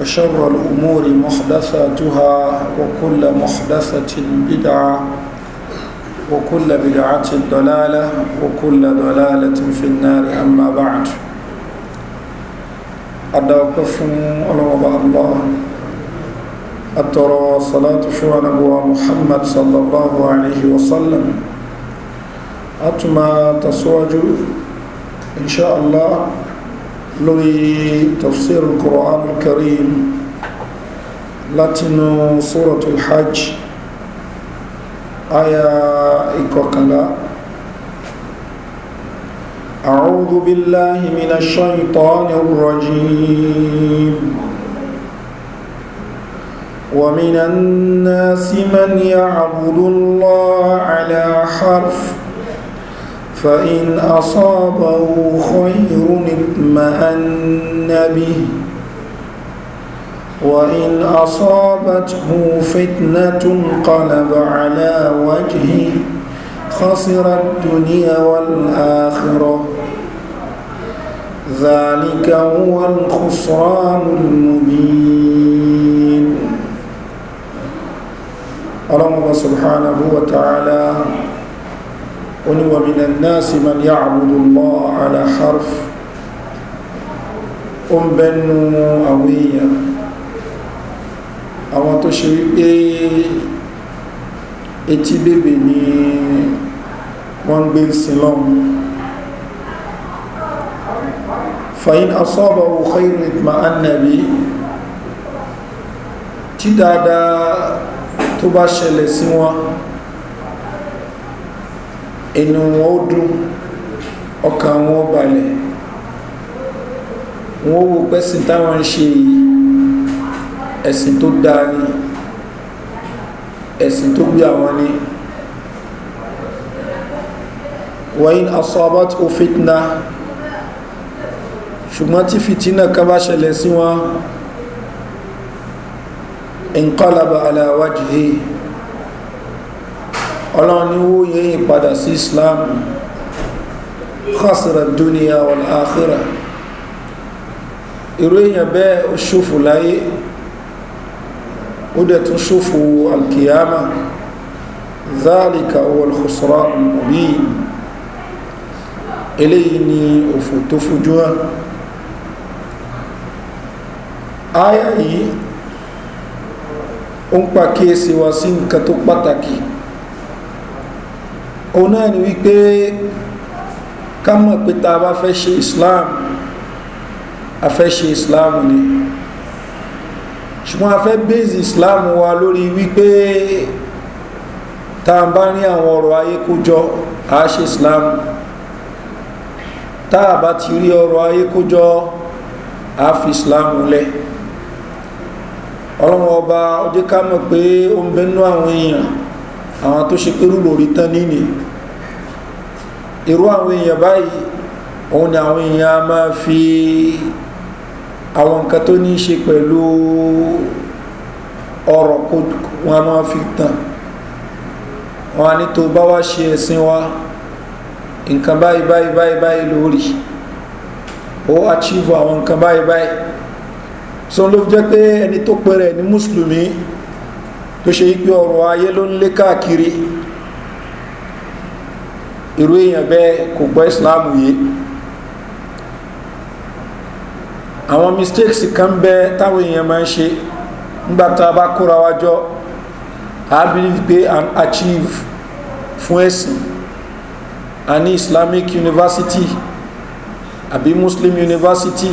وشر الأمور محدثاتها وكل محدثة بدعة وكل بدعة ضلالة وكل ضلالة في النار أما بعد أدوكف الله أترى صلاة شوانبوا محمد صلى الله عليه وسلم أتما تصوج إن شاء الله لوي تفسير القرآن الكريم لاتنو سورة الحج آية إكوكلا أعوذ بالله من الشيطان الرجيم ومن الناس من يعبد الله على حرف فإن أصابه خير اطمأن به وإن أصابته فتنة انقلب على وجهه خسر الدنيا والآخرة ذلك هو الخسران المبين الله سبحانه وتعالى oni wa mina nnaasi man yacbudu allah ala harf ó ń bẹnu àwọn èèyàn àwọn tó ṣe wípé etí bèbè ni wọ́n ń gbé sí lọ́mù fàyín asọ́bà òkèrè ma ń nàbí tí dáadáa tó bá ṣẹlẹ̀ inú wọn ó dùn ọkàn wọn ó balẹ̀ wọn ó wo pẹ́sìn táwọn ń ṣe yìí ẹ̀sìn tó dáa ni ẹ̀sìn tó gbé àwọn ni wọ́n asọ́bọ́t ó fitna ṣùgbọ́n tí fitina ká bá ṣẹlẹ̀ sí wọn ìǹkọ́lába aláwájú yìí ọlọ́run ni ó yẹ ìpadà sí islam khasra dunia wal akhira irú èèyàn bẹ́ẹ̀ ó ṣòfò láyé ó dẹ̀ tún ṣòfò alkiyama zálìkà wal khusra mọ̀bí eléyìí ni òfò tó fojú hàn áyà yìí ó ń pa kíyèsí wa sí nǹkan tó pàtàkì òun náà ni wípé ká mọ̀ pé ta bá fẹ́ ṣe islam a fẹ́ ṣe islam ni ṣùgbọ́n a fẹ́ bèèzì islam wa lórí wípé ta bá ní àwọn ọ̀rọ̀ ayé kójọ a ṣe islam tá a bá ti rí ọ̀rọ̀ ayé kójọ a fi islam lẹ̀ ọlọ́run ọba ó jẹ́ ká mọ̀ pé ó ń bẹ́nu àwọn èèyàn àwọn tó ṣe pé rúlòrí tán nínìí irú àwọn èèyàn báyìí òun ni àwọn èèyàn a máa fi àwọn nǹkan tó ní í ṣe pẹ̀lú ọ̀rọ̀ kó wọn a máa fi tàn wọn a ní tó bá wá ṣe ẹ̀sìn wa nǹkan báyìí báyìí báyìí báyìí lórí ó achieve àwọn nǹkan báyìí báyìí sọ ló jẹ́ pé ẹni tó pẹ̀rẹ̀ ní mùsùlùmí tó ṣe yí pé ọ̀rọ̀ ayé ló ń lé káàkiri irú èèyàn bẹ́ẹ̀ kò gbọ́ islam yìí àwọn mistakes kan bẹ táwọn èèyàn máa ń ṣe nígbà tá a bá kóra wa i believe pé an achieve fún ẹ̀sìn a ní islamic university àbí muslim university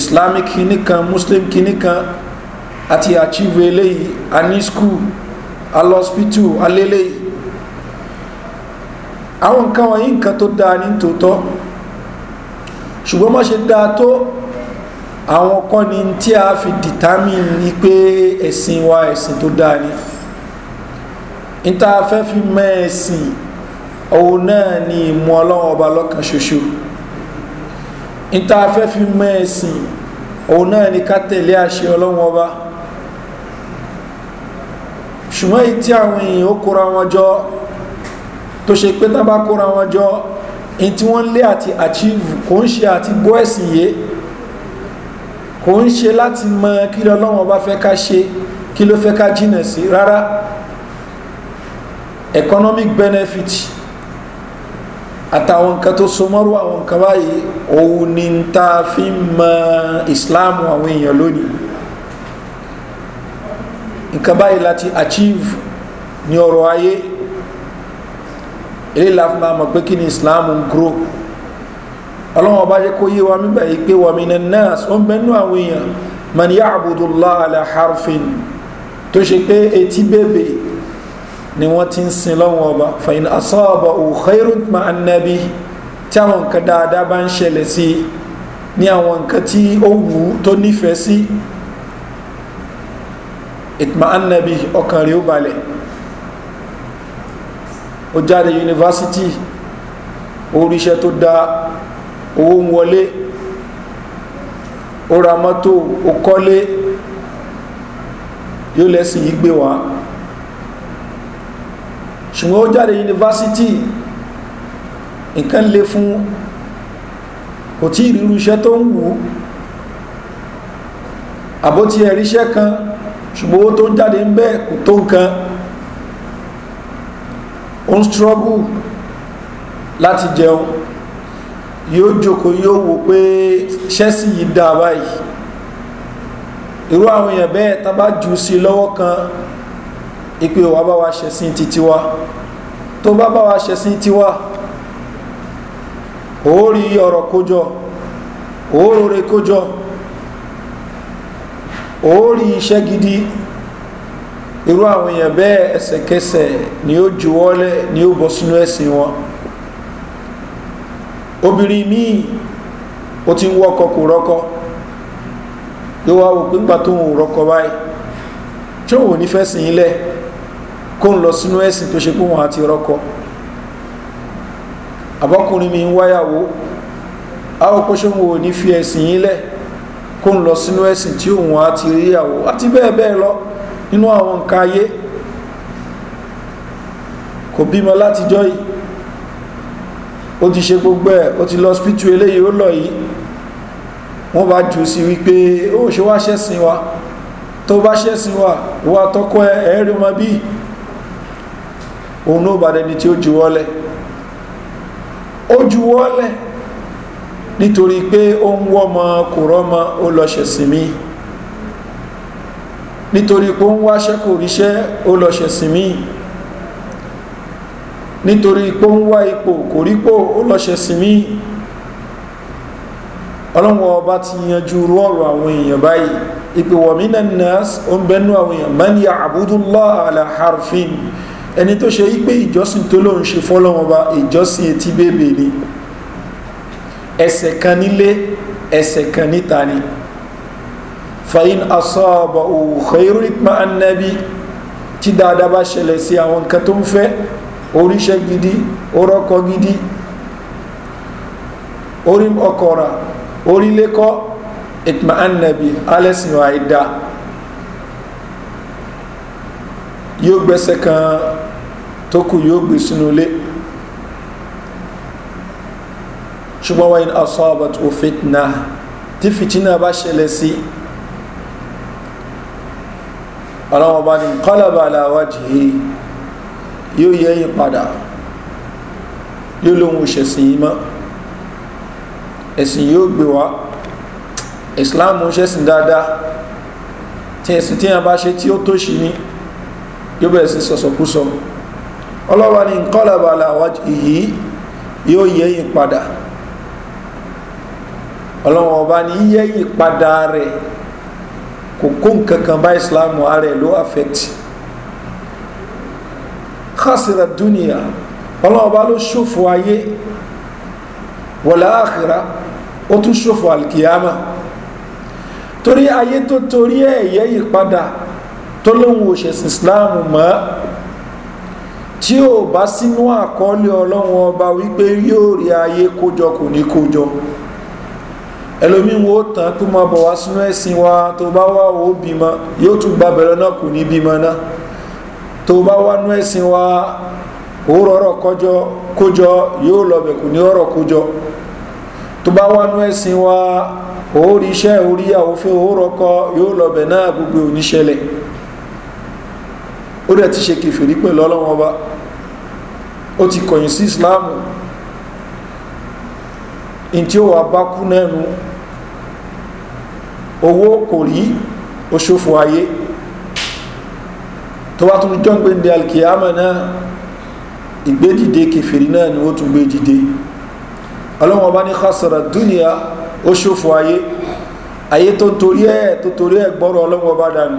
islamic kìíní kan muslim kìíní kan àti achieve eléyìí a ní school alọ́spítù alélẹ́yìí àwọn nǹkan wọ̀nyí nǹkan tó dáa ní tòótọ́ ṣùgbọ́n má ṣe dáa tó àwọn kan ni tí a fi determine ni pé ẹ̀sìn wa ẹ̀sìn tó dáa ni níta fẹ́ fi mọ ẹ̀sìn òun náà ni ìmọ̀ ọlọ́run ọba lọ́kàn ṣoṣo níta fẹ́ fi mọ ẹ̀sìn òun náà ni ká tẹ̀lé àṣẹ ọlọ́run ọba ṣùgbọ́n èyí tí àwọn èèyàn ó kóra wọn jọ tó ṣe pé tán bá kóra wọn jọ in tí wọ́n lé àti achieve kò ń ṣe àti gbọ́ ẹ̀sìn yé kò ń ṣe láti mọ kí lọ́wọ́n bá fẹ́ ká ṣe kí ló fẹ́ ká jìnà sí rárá economic benefit àtàwọn nǹkan tó so mọ́rú àwọn nǹkan báyìí òun ni ń ta fi ń mọ ìsìláàmù àwọn èèyàn lónìí nǹkan báyìí láti achieve ní ọrọ̀ ayé eléyìí la fi máa mọ̀ pé kí ni islam ń grow ọlọ́wọ́n bá jẹ́ kó yé wa mígbà yìí pé wàmí na nurse ó ń bẹnu àwọn èèyàn man yá àbùdùlá alẹ́ harfin tó ṣe pé etí bèbè ni wọ́n ti ń sin lọ́wọ́n ọba fàyín asọ́ọ̀bà òkèrún ma annabi tí àwọn nǹkan dáadáa bá ń ṣẹlẹ̀ sí ní àwọn nǹkan tí ó wù ú tó nífẹ̀ẹ́ sí ìtma annabi ọkàn rèé balẹ̀ ó jáde yunifásitì oríṣẹ́ tó da owó ń wọlé ó ra mọ́tò ó kọ́lé yóò lẹ́sìn yìí gbé wá ṣùgbọ́n ó jáde yunifásitì nǹkan lè fún kò tí ìrírú iṣẹ́ tó ń wù àbótí ẹ̀ríṣẹ́ kan ṣùgbọ́n owó tó ń jáde ń bẹ́ẹ̀ kò tó nǹkan ó ń struggle láti jẹun yóò jòkó yóò wò pé ṣẹ́sì yìí dá báyìí irú àwọn èèyàn bẹ́ẹ̀ tán bá jù sí lọ́wọ́ kan ìpè wà bá wa ṣẹ̀sìn títí wa tó bá bá wa ṣẹ̀sìn tiwa ó rí ọ̀rọ̀ kójọ ó rore kójọ ó rí iṣẹ́ gidi irú àwọn èèyàn bẹ́ẹ̀ ẹsẹ̀kẹsẹ̀ ni ó juwọ́lẹ̀ ni ó bọ́ sínú ẹ̀sìn wọn obìnrin míì ó ti ń wọ́kọ kò rọ́kọ yóò wá wò pípa tó ń rọ́kọ báyìí tí òun ò ní fẹ́ sìn ilẹ̀ kó ń lọ sínú ẹ̀sìn tó ṣe pé wọn àti rọ́kọ àbọ́kùnrin mi ń wáyàwó àwòkọ́ ṣé ò ní fi ẹ̀sìn ilẹ̀ kó ń lọ sínú ẹ̀sìn tí òun àti ríyàwó àti bẹ́ẹ̀ bẹ́ẹ̀ lọ nínú àwọn nǹkan ayé kò bímọ látijọ́ yìí ó ti ṣe gbogbo ẹ̀ ó ti lọ spítù eléyìí ó lọ yìí wọ́n bá jù sí wípé ó ṣe wá ṣẹ́sìn wa tó bá ṣẹ́sìn wa wà tọ́kọ́ ẹ̀ẹ́rẹ́ ọmọ bí òun náà bá dẹni tí ó juwọ́lẹ̀ ó juwọ́lẹ̀ nítorí pé ó ń wọ́mọ kò rọ́mọ ó lọ ṣẹ̀sìn míì nítorí pé ó ń wáṣẹ́ kò ríṣẹ́ ó lọ ṣẹ̀sìn míì nítorí pé ó ń wá ipò kò rípò ó lọ ṣẹ̀sìn míì ọlọ́wọ́ ọba ti yanjú rú ọ̀rọ̀ àwọn èèyàn báyìí ìpè wọ̀mí náà ó ń bẹnu àwọn èèyàn máa ń ya àbúdúlọ́ ẹni tó ṣe wípé ìjọsìn tó lóun ṣe fọ́lọ́wọ́n ba ìjọsìn etí bèbè ni ẹsẹ̀ kan nílé ẹsẹ̀ kan níta ni. Ele, fàyín asọ́ọ̀bà òwò xeyìrú ìpínlẹ̀ anábì tí dáadáa bá ṣẹlẹ̀ sí àwọn nǹkan tó ń fẹ́ oríṣẹ́ gidi orọ́kọ gidi orí ọkọ̀ra orílẹ́kọ́ ìpínlẹ̀ anábì alẹ́sìn àìdá yóò gbẹ́sẹ̀ kan tó kù yóò gbé sínú ilé ṣùgbọ́n wáyé asọ́ọ̀bà tó fìtìnà tí fìtìnà bá ṣẹlẹ̀ ọlọ́run ọba ní kọ́lọ̀bà aláwájì yóò yẹ yín padà yóò lóhun òṣèṣìn yìí mọ́ ẹ̀sìn yóò gbé wá islam ń ṣẹ̀sìn dáadáa tí ẹ̀sìn tí wọ́n bá ṣe tí ó tó ṣì ní yóò bẹ̀rẹ̀ sí sọ̀sọ̀kúsọ ọlọ́wà ní kọ́lọ̀bà aláwájì yìí yóò yẹ yín padà ọlọ́run ọba ní yẹ yín padà rẹ̀ kò kó nǹkan kan bá islam ara ẹ̀ ló affect khasira dunia ọlọ́ọ̀bá ló ṣòfò ayé wọ̀lá àkìrá ó tún ṣòfò alkiyama torí ayé tó torí ẹ̀yẹ́ yìí padà tó lóhun òṣèṣin islam mọ́ tí ò bá sínú àkọọ́lẹ̀ ọlọ́run ọba wípé yóò rí ayé kójọ kò ní kójọ ẹlòmíì wo tán pé mo bọ̀ wá sínú ẹ̀sìn wa tó bá wà ó bímọ yóò tún gba bẹ̀rẹ̀ náà kù ní bímọ náà tó bá wà nú ẹ̀sìn wa ó rọrọ̀ kọjọ kójọ yóò lọ bẹ̀ kù ní rọrọ̀ kójọ tó bá wà nú ẹ̀sìn wa ó rí iṣẹ́ oríyàwó fẹ́ ó rọkọ yóò lọ náà gbogbo oníṣẹ́lẹ̀ ó dẹ̀ ti ṣe kìfìrí pẹ̀lú ọlọ́wọ́n ọba ó ti kọ̀yìn sí ìsìláàmù in ó wà bá kú náà nù owó kò rí ó ṣòfò ayé tó wá tún jọ́ gbé ní alkiyama náà ìgbédìde kẹfìrí náà ni ó tún gbé dìde ọlọ́wọ́n bá ní kásọ̀rọ̀ dúnìá ó ṣòfò ayé ayé tó torí ẹ̀ tó torí ẹ̀ gbọ́rọ̀ ọlọ́wọ́n bá dànù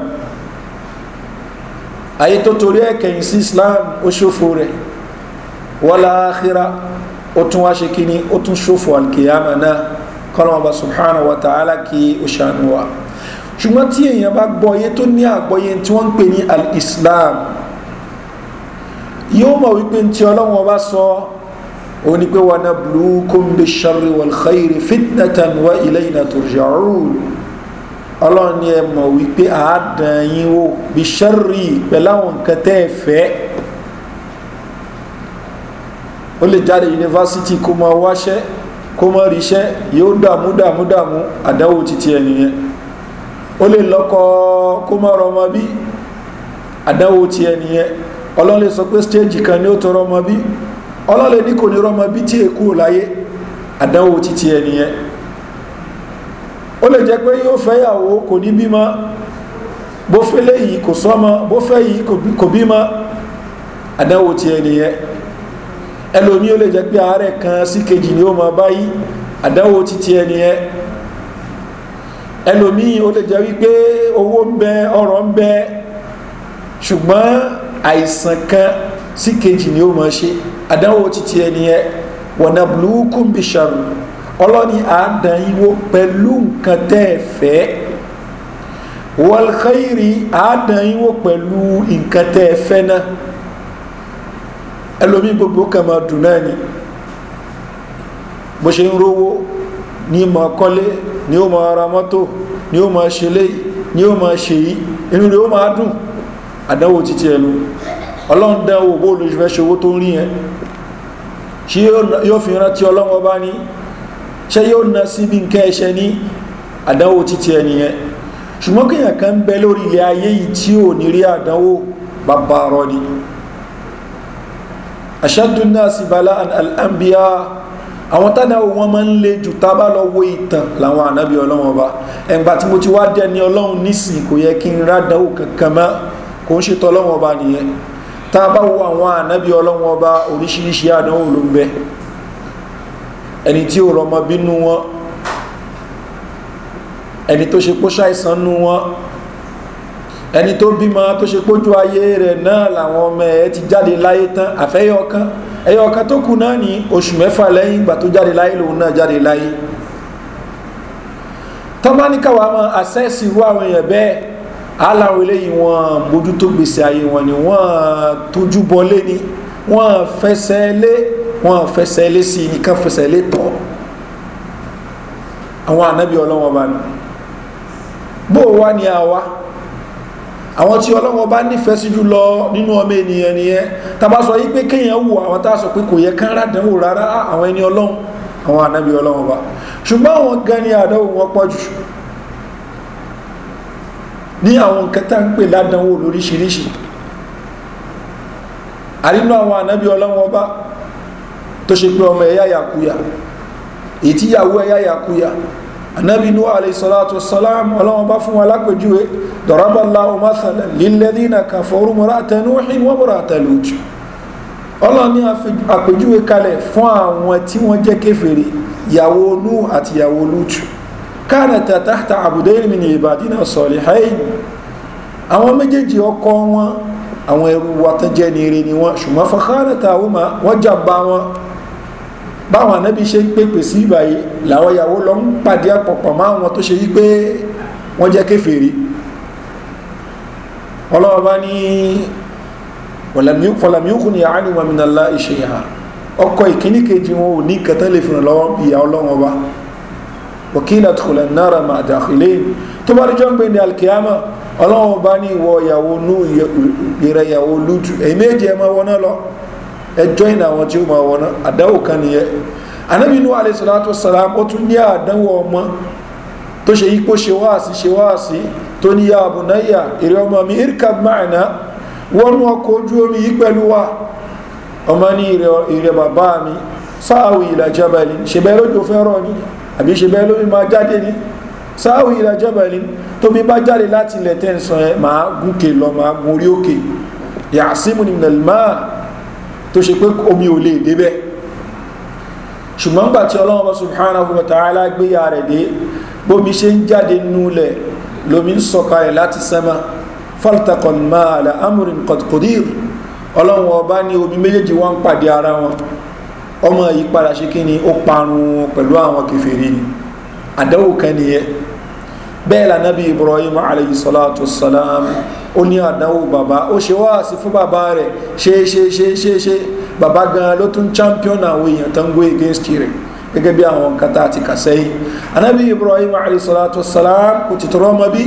ayé tó torí ẹ̀ kẹ̀yìn sí islam ó ṣòfò rẹ̀ wọ́lá áhírà ó tún wá ṣe kíní ó tún ṣòfò alkiyama náà kọ́lọ́mọba subhanahu wa ta'ala kí ó ṣàánú wa ṣùgbọ́n tí èèyàn bá gbọ́yé tó ní àgbọ́yé tí wọ́n ń pè ní al-islam yóò mọ̀ wípé tí ọlọ́run ọba sọ ó ní pé wọn náà blu kóńbé ṣarri wàlxayiri fitnatan wa ilẹ̀ iná ọlọ́run ni ẹ mọ̀ wípé àádán yín bí ṣarri pẹ̀láwọn nǹkan tẹ́ ẹ fẹ́ ó lè jáde yunifásitì kó máa wáṣẹ́ kó mọ́ rí iṣẹ́ yóò dààmú dààmú dààmú àdáwò títí ẹnìyẹn ó lè lọ́kọ́ kó mọ́ rọmọ bí àdáwò ti ẹnìyẹn ọlọ́run lè sọ pé stéèjì kan ni ó tó rọmọ bí ọlọ́run lè ní kò ní rọmọ bí tí èkú láyé àdáwò títí ẹnìyẹn ó lè jẹ́ pé yóò fẹ́yàwó kò ní bímọ bó fẹ́ léyìí kò sọ́mọ bó fẹ́ yìí kò bímọ àdáwò ti ẹnìyẹn ẹlòmí ó lè jẹ́ pé ààrẹ kan sí kejì ni ó ma báyí àdáwò títí ẹni ẹ ẹlòmí ó lè jẹ́ wípé owó ń bẹ ọ̀rọ̀ ń bẹ ṣùgbọ́n àìsàn kan sí kejì ni ó ma ṣe àdáwò títí ẹni ẹ wọ̀nà blúkún bí ṣàrù ọlọ́ni àádán pẹ̀lú nǹkan tẹ́ ẹ fẹ́ wọ́n kẹ́rì àádán pẹ̀lú nǹkan tẹ́ ẹ fẹ́ náà ẹlòmí gbogbo kan máa dùn náà ni bó ṣe ń rówó ní ma kọ́lé ní ó ma ara mọ́tò ní ó ma ṣe léyìí ní ó ma ṣe yìí inú rẹ̀ ó ma dùn àdánwò títí ẹnu ọlọ́run dánwò bó olùfẹ́ ṣòwò tó ń rí yẹn ṣe yóò fi rántí ọlọ́run ọba ní ṣe yóò na síbi nǹkan ẹ̀ṣẹ̀ ní àdánwò títí ẹni yẹn ṣùgbọ́n kéèyàn kan ń bẹ lórí ilẹ̀ ayé yìí tí ò ní rí àdánwò bàbá rọ ni. Ba aṣáájú náà sì bala alambia àwọn tánà wọn máa ń le jù tá a bá lọ wo ìtàn làwọn ànábì ọlọ́wọ́n ọba ẹ̀ǹgbà tí mo ti wá dẹni ọlọ́run nísìn kò yẹ kí n rádàwò kankan mọ́ kò ń ṣètò ọlọ́wọ́n ọba nìyẹn tá wo àwọn ànábì ọlọ́wọ́n ọba oríṣiríṣi àdánwò ló ń bẹ ẹni tí ò rọmọ bínú wọn ẹni tó ṣe kó nú wọn ẹni tó bímọ tó ṣe pójú ayé rẹ̀ náà làwọn ọmọ ẹ̀ ti jáde láyé tán àfẹ́yọ̀kan ẹyọ̀kan tó kù náà ní oṣù mẹ́fà lẹ́yìn ìgbà tó jáde láyé lòun náà jáde láyé tọ́mánikàwá mọ́ àṣẹ́sì irú àwọn èèyàn bẹ́ẹ̀ aláwọ̀ eléyìí wọ́n bójútó gbèsè ayé wọn ni wọ́n tójú bọlé ni wọ́n fẹsẹ̀ lé wọ́n fẹsẹ̀ lé sí i nìkan fẹsẹ̀ lé tọ́ àwọn ànábì ọlọ́wọ́n bá ní bó wá ni àwa àwọn tí ọlọ́wọ́ bá nífẹ̀ẹ́ sí jùlọ nínú ọmọ ènìyàn nìyẹn tàbá sọ yí pé kéèyàn wù àwọn tá a sọ pé kò yẹ kán rádánwò rárá àwọn ẹni ọlọ́run àwọn ànábì ọlọ́run bá ṣùgbọ́n àwọn gan ni àdánwò wọn pọ̀ jù ní àwọn nǹkan tá ń pè ládánwò lóríṣiríṣi àrínú àwọn ànábì ọlọ́run bá tó ṣe pé ọmọ ẹ̀yà yàkuyà èyí tíyàwó ẹ̀yà yàkuyà anabi nuhu alayhisalatu wasalam ọlọ́wọ́n bá fún wa lápẹjúwe dọ̀rọ̀bàlá umarsala lílẹ́dínà kàfọ́rú mọ́ràtà nuhin wọ́n mọ́ràtà lójú ọlọ́ni àpèjúwe kalẹ̀ fún àwọn tí wọ́n jẹ́ kéfèrè ìyàwó nuhu àti ìyàwó lójú kánàtà tàhtà àbùdẹ́rì mi ní ìbàdínà sọ̀lẹ̀ haid àwọn méjèèjì ọkọ wọn àwọn ẹrù wa ní ire ni wọn ṣùgbọ́n fọ́kánàtà wọn jàmbá báwọn anábì ṣe ń pèpè sí ìbàyí làwọn ìyàwó lọ ń pàdé àpọ̀pọ̀ mọ́ àwọn tó ṣe yí pé wọ́n jẹ́ kéfèèrè ọlọ́ọ̀bá ní fọlàmíùkù ní àánìwọ̀n mìnàlá ìṣẹ̀yà ọkọ̀ ìkíní kejì wọn ò ní kẹta lè fìrìn lọ́wọ́ ìyá ọlọ́wọ́ bá wàkílà tùkùlà náírà máa dàkìlẹ̀ tó bá rí jọ́ǹgbé ní alkiyama ọlọ́wọ́ bá ní ìwọ ìyàwó nú ìrẹ̀yàwó lútù èyí méjì ẹ̀ máa wọná lọ ẹjọ́ ìnà àwọn tí ó máa wọ́n náà àdánwò kan nìyẹn anábì inú alẹ́ sọ́lá tó sàrà ó tún ní àdánwò ọmọ tó ṣe yípo ṣe wáàsí ṣe wáàsí tó ní ya àbùnáyà èrè ọmọ mi irkab ma'ana wọnú ọkọ̀ ojú omi yìí pẹ̀lú wa ọmọ ní èrè bàbá mi sáàwì ìlàjábàlì ṣe bẹ́ẹ̀ lójú fẹ́ràn ni àbí ṣe bẹ́ẹ̀ lómi máa jáde ni sáàwì ìlàjábàlì tómi bá jáde láti ilẹ̀ tẹ́ǹsán ẹ máa gúnkè lọ máa gun orí òkè yàásímù nìlẹ̀ máa tó ṣe pé omi ò lè débẹ̀ ṣùgbọ́n gbà tí ọlọ́run subhanahu wa ta'ala gbéyà rẹ̀ dé bómi ṣe ń jáde núlẹ̀ lomi ń sọ̀kalẹ̀ láti sẹ́mà faltakon máa la amurin kọ̀dìr ọlọ́run ọba ní omi méjèèjì wọ́n ń pàdé ara wọn ọmọ yìí padà ṣe kí ni ó parun pẹ̀lú àwọn kẹfẹ́rí ni àdáwò kan nìyẹn bẹ́ẹ̀ lànà ibrahim alayhi salatu salam ó ní àdánwò bàbá ó ṣe wáàsí fún bàbá rẹ̀ ṣe ṣe ṣe ṣe ṣe bàbá gan ló tún champion àwọn èèyàn tó ń go against rẹ̀ gẹ́gẹ́ bí àwọn nǹkan tá a ti kà sẹ́yìn anábì ibrahim alayhisalatu salam kò ti tọrọ ọmọ bí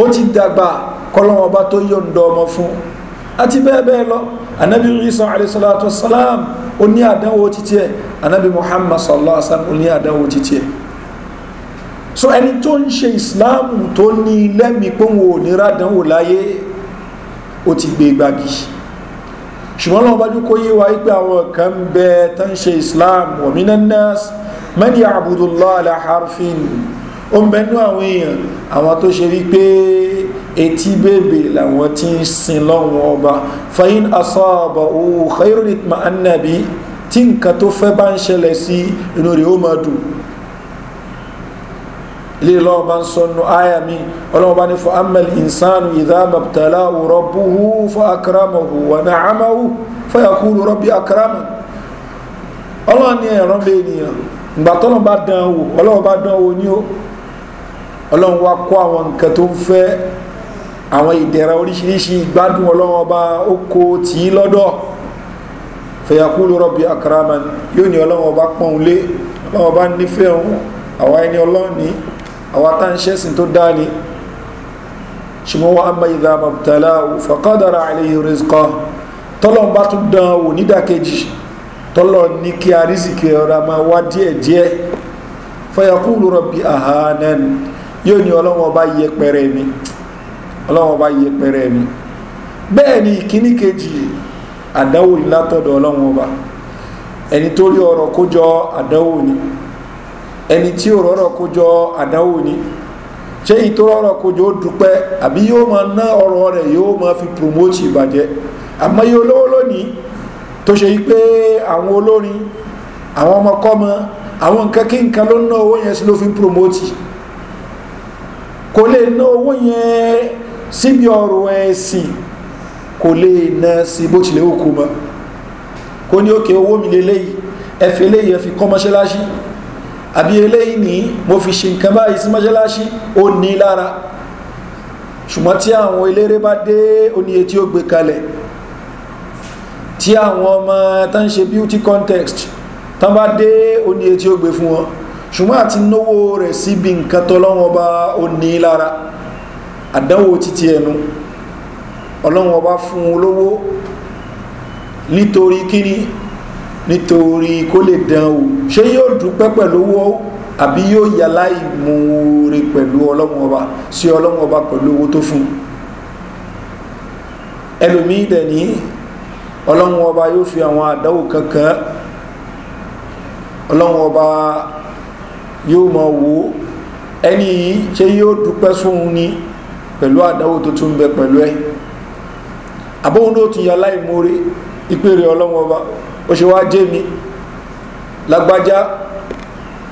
ó ti dàgbà kọ́lọ́wọ́n bá tó yọ̀ǹda ọmọ fún àti bẹ́ẹ̀ bẹ́ẹ̀ lọ anábì isa alayhisalatu salam ó ní àdánwò títí ẹ̀ anábì muhammad sallallahu alaihi wasallam ó ní àdánwò títí ẹ̀ so ẹni tó ń ṣe ìsìláàmù tó ní lẹ́mìí pé wọn ò ní rádánwò láyé ó ti gbé gbági ṣùgbọ́n lọ́wọ́ bájú kó yé wa wípé àwọn kan bẹ tó ń ṣe ìsìláàmù ọ̀mìnà nas mẹ́ni àbúdùlá aláhàrfin ó ń bẹnu àwọn èèyàn àwọn tó ṣe wípé etí bèbè làwọn tí ń sin lọ́wọ́ ọba fain asọ́ọ̀bọ̀ òun khairu nitma annabi tí nǹkan tó fẹ́ bá ń ṣẹlẹ̀ sí inú rẹ̀ ó máa dùn ilé lọ́wọ́ bá ń sọnù àyà mi ọlọ́wọ́ bá ní fún amẹ́lì ìsánù ìdámàbtàlá òrọ́bùhù fún akramọ̀hù wà ní àmàhù fẹ́yàkúrò rọ́bì akramọ̀ ọlọ́wọ́ ní ẹ̀rọ bẹ́ ènìyàn ìgbà tọ́lọ́ bá dán wò ọlọ́wọ́ bá dán wò ní ó ọlọ́wọ́ wa kó àwọn nǹkan tó ń fẹ́ àwọn ìdẹ̀ra oríṣiríṣi ìgbádùn ọlọ́wọ́ bá ó tì í lọ́dọ̀ fẹ́yàkúrò rọ́bì akramọ̀ yóò ní ọlọ́wọ́ bá pọ́n lé ọlọ́wọ́ bá nífẹ̀ẹ́ àwọn ẹni ọlọ́ọ̀ni àwọn atánṣẹ́sìn tó dá ni ṣùgbọ́n wọ́n amma ìdá mọ̀tàlá fàkọ́dára àìlèyìn rìzkọ́ tọ́lọ̀ bá tún dán wò nídàkejì tọ́lọ̀ ní kí a rízìkì ọ̀rọ̀ máa wá díẹ̀díẹ̀ fọ́yàkúrú rọ̀bì àhánẹ́n yóò ní ọlọ́wọ́n bá yẹ pẹ̀rẹ̀ mi ọlọ́wọ́n bá yẹ pẹ̀rẹ̀ mi bẹ́ẹ̀ ni ìkíní kejì àdáwò látọ̀dọ̀ ọlọ́wọ́n bá ẹni tó rí ọ̀rọ̀ kójọ àdáwò ni ẹni tí ó rọrọ kójọ àdánwò ni ṣé ìtò rọrọ kójọ ó dúpẹ́ àbí yóò máa ná ọrọ̀ rẹ̀ yóò máa fi promote ìbàjẹ́ àmọ́ yóò lówó lónìí tó ṣe yí pé àwọn olórin àwọn ọmọkọ́mọ àwọn nǹkan kí nǹkan ló ná owó yẹn sí ló fi promote kò lè ná owó yẹn síbi ọ̀rọ̀ ẹ̀sìn kò lè ná sí bó tilẹ̀ òkú mọ́ kò ní òkè owó mi lélẹ́yìí ẹ̀fẹ́ lẹ́yìn ẹ̀fi kọ́ àbí eléyìí ní mo fi ṣe nǹkan báyìí sí mọ́ṣáláṣí ó ní lára ṣùgbọ́n tí àwọn eléré bá dé oníye tí ó gbé kalẹ̀ tí àwọn ọmọ tán ṣe beauty context tán bá dé oníye tí ó gbé fún wọn ṣùgbọ́n àti náwó rẹ̀ síbi nǹkan tọ́lọ́wọ́n bá ó ní lára àdánwò títí ẹnu ọlọ́wọ́n bá fún olówó nítorí kíní nítorí kó lè dán ṣé yóò dúpẹ́ pẹ̀lú owó àbí yóò yà láì mú rí pẹ̀lú ọlọ́run ọba sí ọlọ́run ọba pẹ̀lú owó tó fún ẹlòmíì dẹ̀ ní ọlọ́run ọba yóò fi àwọn àdánwò kankan ọlọ́run ọba yóò mọ wò ó ẹni yìí ṣé yóò dúpẹ́ fún ni pẹ̀lú àdánwò tó tún bẹ pẹ̀lú ẹ àbóhun ló ti yà láì ìpèrè ọlọ́run ọba ó ṣe wá jẹ́ mi lágbájá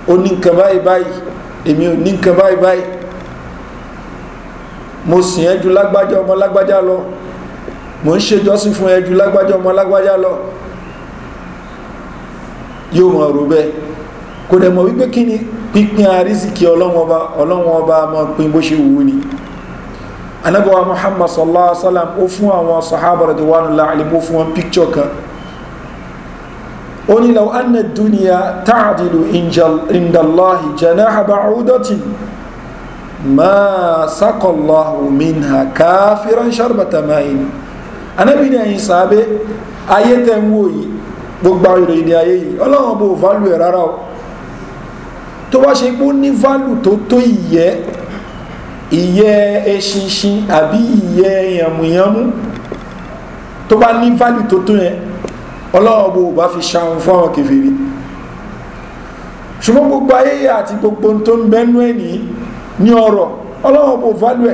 ó ní nǹkan báyìí báyìí èmi ò ní nǹkan báyìí báyìí mo sìn ẹ́ ju lágbájá ọmọ lágbájá lọ mo ń ṣèjọ́sìn fún ẹ ju lágbájá ọmọ lágbájá lọ yóò mọ̀ ọ̀rọ̀ bẹ́ẹ̀ kò dẹ̀ mọ̀ wípé kí ni pínpín àrísìkí ọlọ́wọ́n ọba ọlọ́wọ́n ọba mọ̀ pín bó ṣe wù ú ni anabawa muhammad sallallahu alaihi wa sallam ó fún àwọn sahaba rẹ̀ tó wà nù láàrin ó fún wọn píkítsọ̀ kan oni law anna dunya ta'dilu inda allahi janaha ba'udatin ma saqa allahu minha kafiran sharbata ma'in anabi ni ayin sabe ayé tẹ ń wò yìí gbogbo àwọn ìròyìn ní ayé yìí ọlọ́run bò válù ẹ̀ o tó bá ṣe pé ó ní válù tó tó ìyẹ́ ìyẹ́ eṣinṣin àbí ìyẹ́ yàmùyàmù tó bá ní válù tó tó yẹn ọlọ́ọ̀bù bá fi ṣàwọn fún àwọn kèfèrè ṣùgbọ́n gbogbo ayéyà àti gbogbo tó ń bẹ́nu ẹ̀ ní ní ọ̀rọ̀ ọlọ́ọ̀bù válù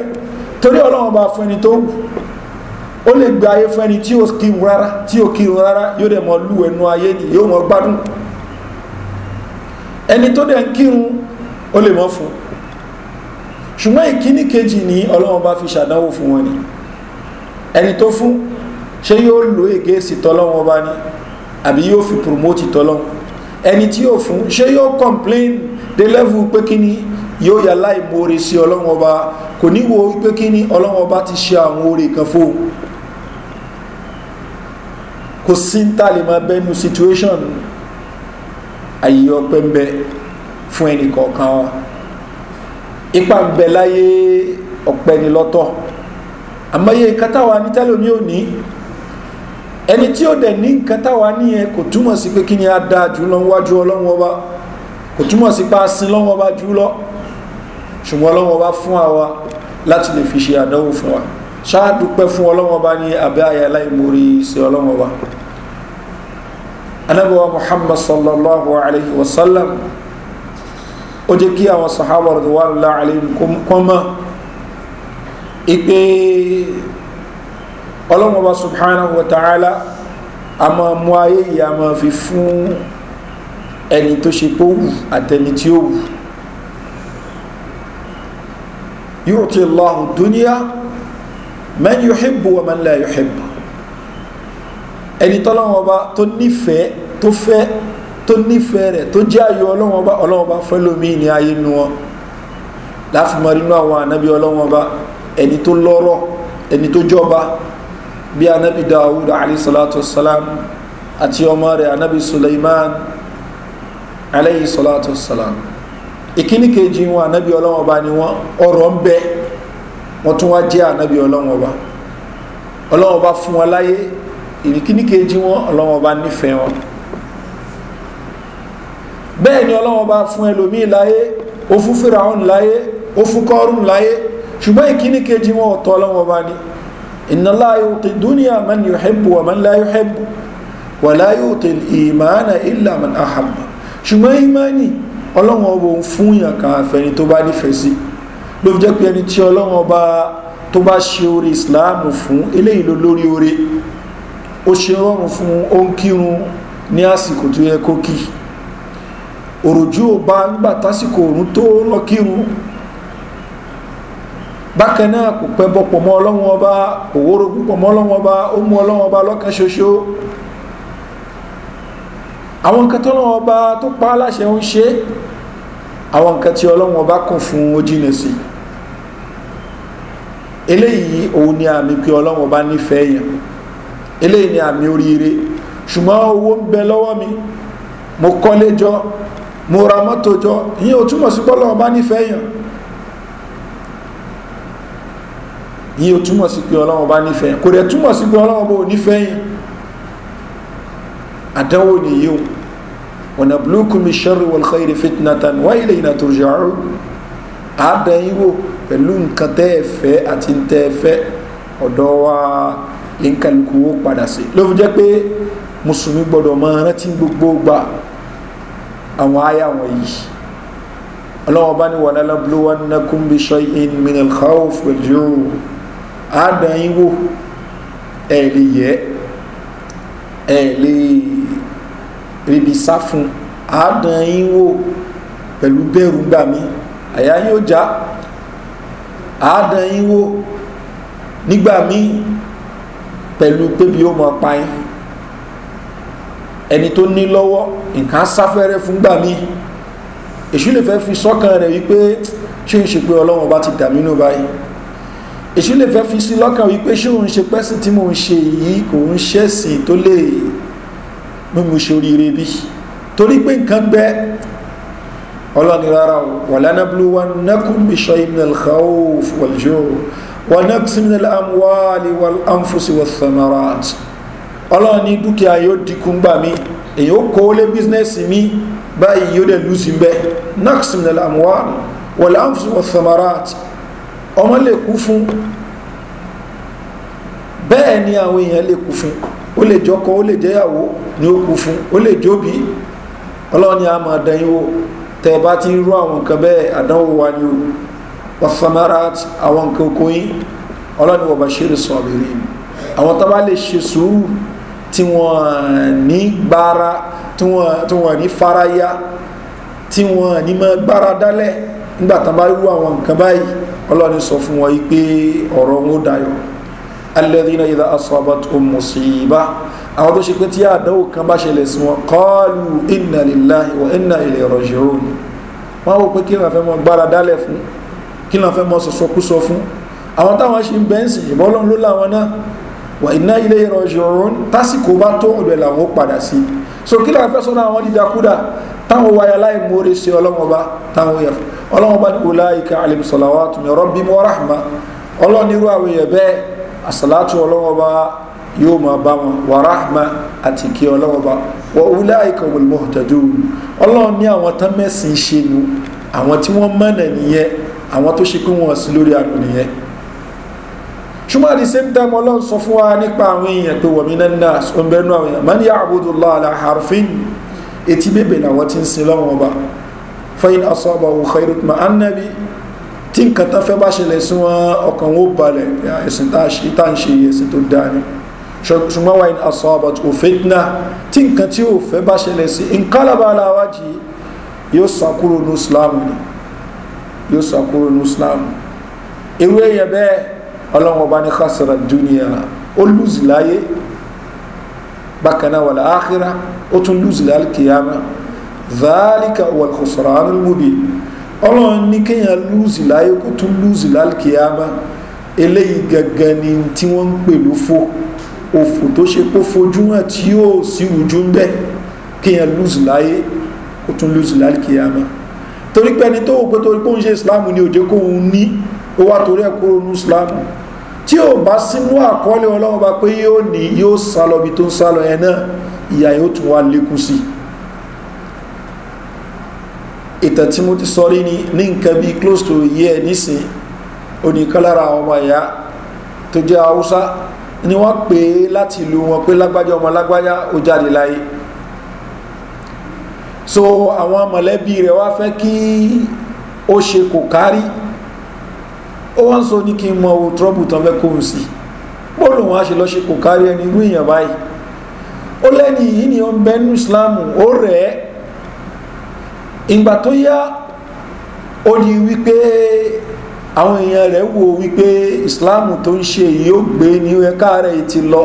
torí ọlọ́ọ̀bù fún ẹni tó ó lè gba ayé fún ẹni tí ó kírun rárá tí ó kírun rárá yóò dẹ̀ mọ lú ẹnu ayé ni yóò mọ gbádùn ẹni tó dẹ̀ ń kírun ó lè mọ́ fún ṣùgbọ́n ìkíní kejì ní ọlọ́run bá fi ṣàdánwò fún wọn ni ẹni tó fún ṣé yóò lò ègé sí tọ́lọ́wọ́n bá ní àbí yóò fi promote tọ́lọ́ ẹni tí yóò fún ṣé yóò complain dé level pé kí ni yóò yà láì moore sí ọlọ́run ọba kò ní wo pé kí ni ọlọ́run ọba ti ṣe àwọn oore kan fún un kò sí ń tà lè máa bẹ́nu situation ayé ọpẹ́ ń bẹ fún ẹnì kọ̀ọ̀kan wa ipa ń bẹ láyé ọ̀pẹ ni lọ́tọ̀ àmọ́ iye nǹkan táwa ní ò ní ẹni tí ó dẹ̀ ní nǹkan táwa níyẹn kò túmọ̀ sí pé kí ni a dáa jù lọ wájú ọlọ́run ọba kò túmọ̀ sí pé a sin lọ́wọ́ ọba jù lọ ṣùgbọ́n ọlọ́run ọba fún àwa láti lè fi ṣe àdánwò fún wa ṣáàdúpẹ́ fún ọlọ́run ọba ní abẹ́ àyà aláìmorí sí ọlọ́run ọba anábọ̀wá muhammad sallallahu alayhi wa sallam ó jẹ́ kí àwọn sahaba rẹ̀ wà láàrin kọ́mọ́ ìpè ọlọ́run ọba subhanahu wa ta'ala a máa mú ayé yìí a máa fi fún ẹni tó ṣe pé ó wù àtẹni tí ó wù yóò ti lọ́hùn dúníà mẹ́ni yóò hìbù wọ́n mẹ́ni lẹ́yìn yóò hìbù ẹni tọ́lọ́wọ́n ọba tó nífẹ̀ẹ́ tó fẹ́ tó nífẹ̀ẹ́ rẹ̀ tó jẹ́ ayò ọlọ́wọ́n ọba ọlọ́wọ́n ní ayé nu wọn láfi mọ nínú àwọn ànábì ọlọ́wọ́n ẹni tó lọ́rọ̀ ẹni tó jọba bí anabi dawud alayhisalatu wasalam àti ọmọ rẹ̀ anabi suleiman alayhisalatu wasalam ìkíní kejì wọn anabi ọlọ́wọ́n bá ni wọn ọ̀rọ̀ ń bẹ wọn tún wá jẹ́ anabi ọlọ́wọ́n bá ọlọ́wọ́n bá fún wọn láyé ìkíní kejì wọn ọlọ́wọ́n bá nífẹ̀ẹ́ wọn bẹ́ẹ̀ ni ọlọ́wọ́n bá fún ẹlòmíì láyé ó láyé ó láyé ṣùgbọ́n ìkíní kejì wọn ọ̀tọ̀ ọlọ́wọ́n bá إن الله يعطي الدنيا من يحب ومن لا يحب ولا يعطي الإيمان إلا من أحب ṣùgbọ́n ìmánì ọlọ́run ọba òun fún yàn kan àfẹ́ni tó bá nífẹ̀ẹ́ sí ló fi jẹ́ pé ẹni tí ọlọ́run ọba tó bá ṣe orí ìsìláàmù fún eléyìí ló lórí oore ó ṣe rọrùn fún ó ń kírun ní àsìkò tó yẹ kó kí òròjú ò bá ń gbà tásìkò òrùn tó lọ kírun bákan náà kò pẹ́ bọ́ pọ̀ mọ́ ọlọ́wọ́n ọba kò wórogún pọ̀ mọ́ ọlọ́wọ́n ọba ó mú ọlọ́wọ́n ọba lọ́kàn ṣoṣo àwọn nǹkan tọ́lọ́wọ́n ọba tó pa á ń ṣe àwọn nǹkan tí ọlọ́wọ́n ọba kún fún ó sí eléyìí òun ni àmì pé ọlọ́wọ́n ọba nífẹ̀ẹ́ yẹn eléyìí ni àmì oríire ṣùgbọ́n owó ń bẹ lọ́wọ́ mi mo kọ́lé jọ mo ra mọ́tò jọ ìyẹn ò túmọ̀ sí pọ́lọ́wọ́n ọba nífẹ̀ẹ́ yẹn yìí ó túmọ̀ sí pé ọlọ́wọ́n bá nífẹ̀ẹ́ kò dẹ̀ túmọ̀ sí pé ọlọ́wọ́n bá ò nífẹ̀ẹ́ yìí àdánwò nìyí o ọ̀nà bulúkùnmi ṣẹ́rù wọlọ́kẹ́rì fitnatan wáyé lẹ́yìn àtòrìṣà ọ̀rọ̀ àdáyíwò pẹ̀lú nǹkan tẹ́ ẹ fẹ́ àti tẹ́ ẹ fẹ́ ọ̀dọ́ wa lẹ́ńkàlùkù ó padà sí ló fi jẹ́ pé mùsùlùmí gbọ́dọ̀ máa rántí gbogbo gbà àwọn àyà wọ̀nyí ọlọ́wọ́n bá ní wàlálà bulúwa nínú kúmbi mìíràn káwọ́ fẹ̀jú àádàn yín wò ẹ̀ lè yẹ ẹ̀ lè ríbi sá fún àádàn yín wò pẹ̀lú bẹ́ẹ̀rù gbà mí àyà yóò já àádàn yín wò nígbà míì pẹ̀lú pébi ó mọ pa ẹni tó ní lọ́wọ́ nǹkan sáfẹ́rẹ́ fún gbà míì èṣù lè fẹ́ fi sọ́kàn rẹ̀ wípé ṣé ń ṣe pé ọlọ́wọ́n bá ti dàmínú báyìí èṣù lè fẹ́ fi sí lọ́kàn wípé ṣé òun ṣe pẹ́sìn tí mò ń ṣe yìí kò ń ṣẹ̀sìn tó lè mímú ṣe oríire bí torí pé nǹkan gbẹ ọlọ́ni rárá o wà lánà blu wa nàkùn bí ṣọ ìmìnà lẹ́kọ̀ọ́ wàljú wà nàkùn ìmìnà àmúwálì wà ánfùsì wà samarat ọlọ́ni ọmọ lè kú fún bẹ́ẹ̀ ni àwọn èèyàn lè kú fún ó lè jọkọ ó lè jẹ́yàwó ni ó kú fún ó lè jóbi ọlọ́run ni a máa dẹ̀yìn o tẹ́ bá ti ń rú àwọn nǹkan bẹ́ẹ̀ àdánwò wa ni o wasamarat àwọn nǹkan oko yín ọlọ́run wọ̀bà ṣe lè sọ àbẹ̀rẹ̀ yìí àwọn tó lè ṣe sùúrù tí wọ́n ní gbára tí wọ́n ní faraya tí wọ́n ní mọ́ gbára dálẹ̀ nígbà tó bá rú àwọn nǹkan báyìí ọlọ́ni sọ fún wọn pé ọ̀rọ̀ wọn ó dayọ̀ alẹ́dínà ìdá asọ́bà tó mọ̀ sí i bá àwọn tó ṣe pé tí àdánwò kan bá ṣẹlẹ̀ sí wọn kọ́ọ̀lù iná lílá ìwọ̀ iná ilẹ̀ ọ̀rọ̀ ṣòro ni wọ́n wọ́n pé kí wọ́n fẹ́ mọ gbára dálẹ̀ fún ó padà kí táwọn wáyà láì mórí sí ọlọ́mọba táwọn yẹ fún ọlọ́mọba ní wòlá ìka alimusalawa tún yọrọ bí mọ́ rahma ọlọ́nirú àwọn èèyàn bẹ́ẹ̀ àsàlátù ọlọ́mọba yóò máa bá wọn wà rahma àti kí ọlọ́mọba wọ wòlá ìka wòlmọ́ tẹ̀dú ọlọ́run ní àwọn tán mẹ́sìn ṣe nu àwọn tí wọ́n mọ̀nà nìyẹn àwọn tó ṣe pé wọ́n sí lórí àná nìyẹn ṣùgbọ́n àti same time ọlọ́run sọ fún wa nípa àwọn èèyàn pé wọ̀mí náà ń bẹ́ẹ̀ nú àwọn èèyàn mọ́ ní àbúdó lọ́ àlà àrùfín etí bèbè làwọn ti ń sin lọ́wọ́n ọba fẹ́yìn asọ́ba òkèrè ma á nẹ́bí tí nǹkan tán fẹ́ bá ṣẹlẹ̀ sí wọn ọkàn wọn ó balẹ̀ ẹ̀sìn tá à ń ṣe ẹ̀sìn tó dáa ni ṣùgbọ́n wáyé asọ́ba tó fẹ́tìnà tí nǹkan tí ò fẹ́ bá ṣẹlẹ̀ sí nǹkan lábàlá wájì yóò sàkúrò ní islam ni yóò sàkúrò ní islam ewé yẹn bẹ́ẹ̀ ọlọ́wọ́n ọba ní kásìrà dúnìyà ó lùzì láyé bákan náà wàlá áhírà ó tún lùzì lálkìyàmá zálíkà wàlkùsọ̀rọ̀ anúlmùbí ọlọ́run ní kéèyàn lùzì láyé kó tún lùzì lálkìyàmá eléyìí gangan ni tí wọ́n ń pè lófo òfò tó ṣe kó fojú hàn tí yóò sí ojú ń bẹ́ kéèyàn lùzì láyé kó tún lùzì lálkìyàmá torí pé ẹni tó wò pé torí pé òun ṣe islam ni òjò kóun ní ó wá torí ẹ̀ kúrò ní islam tí ò bá sínú àkọọ́lẹ̀ ọlọ́run bá pé yóò ní yóò sá lọ bí tó ń sá lọ náà ìyá yóò tún wá lékún sí ìtàn tí mo ti sọ rí ni ní nǹkan bíi close to year nísìn oníkan lára àwọn ọmọ ìyá tó jẹ́ haúsá ni wọ́n pè é láti ìlú wọn pé lágbájá ọmọ lágbájá ó jáde láyé so àwọn mọ̀lẹ́bí rẹ̀ wá fẹ́ kí ó ṣe kò kárí ó wá ń sọ ní kí n mọ owó trọ́bù tán fẹ́ kóhun sí bóòlù wọn á ṣe kárí ẹni irú èèyàn báyìí ó lẹ́ni yìí ni ó ń bẹ́nu islam ó rẹ̀ ẹ́ ìgbà tó yá ó di wípé àwọn èèyàn rẹ̀ wo wípé islam tó ń ṣe yìí ó gbé ní ẹ̀ka ti lọ